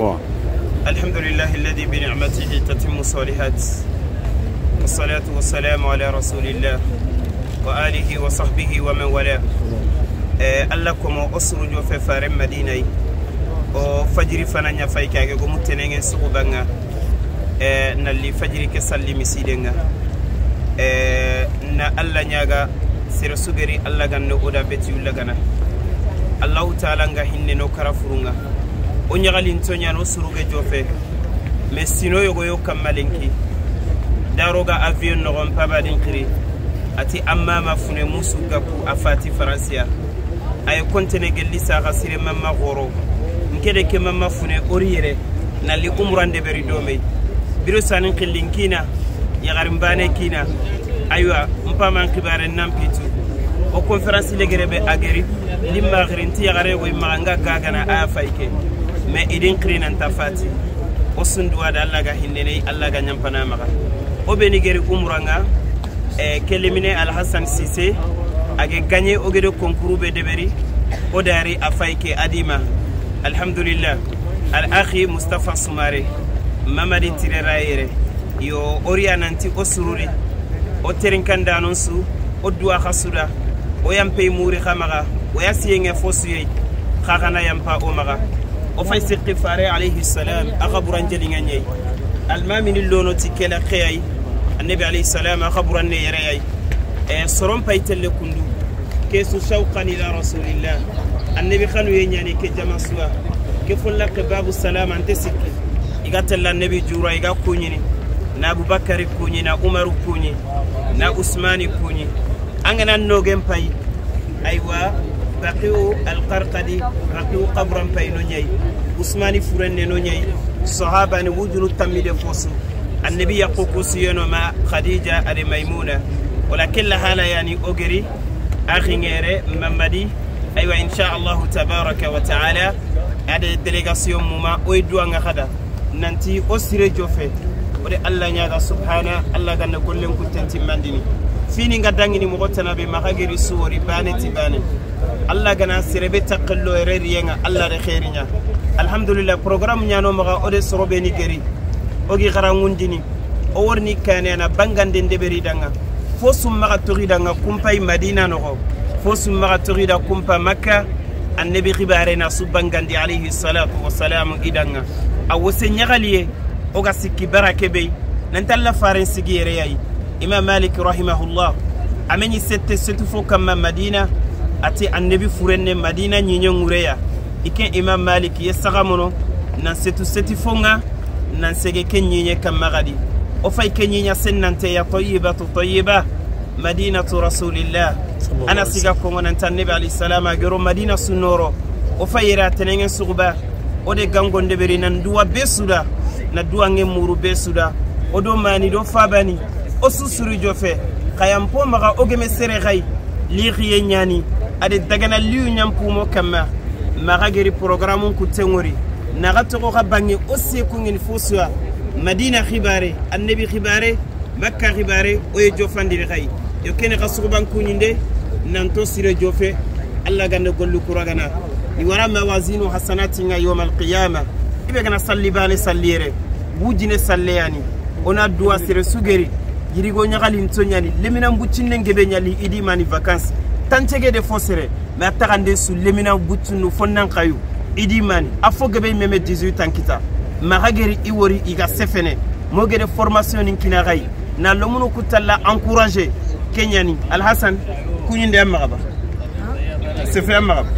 الحمد لله الذي بنعمته تتم الصالحات والصلاة والسلام على رسول الله وآله وصحبه ومن والاه alla komo o surujo fe faren madinayi o fajiri fana ɲafai kage gomu tenenge suguban ga nalli fajiri ke salli misiden ga na alla ɲaga sere sugeri alla ganne oda betiyulla gana allahu taala nga hinne no kara furun ga o ɲagalinto ɲana o suruge jo fɛ ma sino yogoyo kammalenki daroga avion nɔgɔn pabaden kiri ati amma ma fune musu gapu a fati faransiya a ye kontene gelli saxa sire mamma xoro nke de ke mamma fune ori yere nali umran de beri domey biro sanin xillin kina yaxarin bane kina ayiwa n paman xibaren nan pitu o conférence legere be ageri ndi maxirinti yaxare yogoy maxa n ga gagana a ya fay ke mais idin kirinanta fati wo sunduwa da allah ga hindene allah ga ñampana maxa wo be ni geri umuranga eh, kelemine alhasan sise age gagne wo gede concours be deɓeri wo dari a fay ke adima alhamdulillah al axi mustapha sumare mamadi tirera yere yo oriyananti o sururi wo terinkandanon su o duwa xa suda o yanpey muuri xa maxa o ya siyeŋe fo suye xa xana yampa o maxa وفي سيق فاري عليه السلام أخبر أن جلين أن يأي المامن اللونو تكيلا قيأي النبي عليه السلام أخبر أن يرأي إيه، سرم بيت لكم دو كيسو شوقا إلى رسول الله النبي خانو ينياني كجمع سوا كفل لك باب السلام أنت سكي إغتال النبي جورا إغا كونيني نا أبو بكر كوني نا عمر كوني نا عثمان كوني أنا نوجم بيت أيوة baqiu alqarqadi raqiu qabran payno ñayi usmani furenne no ñayi sahabani wujunu tammide fosu annabi yaqu kusiyenoma khadija ade maymuna wala kella hala yani ogeri axiŋere mamadi aywa inchallahu tabaraka wa taala ade délégation muma oye duwaŋa hada nanti o sire jofe ode allah ñaga subhana allah ganna gollen kuttentimmandini fini nga daŋini mogo tanabe maxa geri suwori bane ti bane الله جنا سيربي تقلو إيريرينا الله رخيرينا الحمد لله برنامج نانو مغا أدرس روبيني كري أجي غرامون جيني أورني كان أنا بانغان دين دبري دانغا فوسم مغا توري دانغا كومباي مدينة نغو فوسم مغا توري دا كومبا مكة النبي خبرنا سب بانغان دي عليه الصلاة والسلام إدانغا أو سنغالية أو غسكي بركة بي ننتلا فارنسي إيريري إمام مالك رحمه الله أمني ستة ستة فوق مدينة ati annabi furenne madina ɲiɲe ŋureya ike imam malik ye saga mono nan setu seti fo ŋa nan sege ke ɲiɲe kanma gadi wo fa i ke ɲiɲa sen nanteya tayibatu tayiba madinatu rasulillah ana siga kongo nanta annabi alayhisalam a gero madina sunoro wo fa yera tenenŋe suguba wo de gangonde beri nan duwa be na duwanŋe muru be suda do mani do fabani wo susuri jofe kayanpo maga wo geme sere gayi liixiye ɲani adi daganaliyu ɲanpumo kanma maxa geri programu kuttenŋori naxa toxo xa bange wo sekunŋeni fo suwa madina xibare annabi xibare makka xibare wo ye jofandiri xayi yo kene xa suxubankuɲinde nanto sire jofe alla gande gollu kuragana ni wara hasanati hasanatinŋa yoma alqiyama i be gana salli bane salliyere wujine salleyani ona duwa sire sugeri yirigo ɲaxalinto ɲani leminan buccinnen gebe ɲali idi mani tancege de fo sere ma a taxande su lemina nu fo kayu idi man a fo gebe meme 18 an kita maxa geri i wori i ga sefene mo de formation kina gay na lomunu ku talla encouragé ke ɲani alhasan kuɲinde a maxaba sefe a maxaba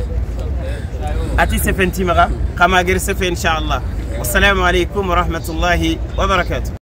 ati sefentimaxa xama geri sefe inchallah wasalamu rahmatullahi warahmatullahi wabarakatu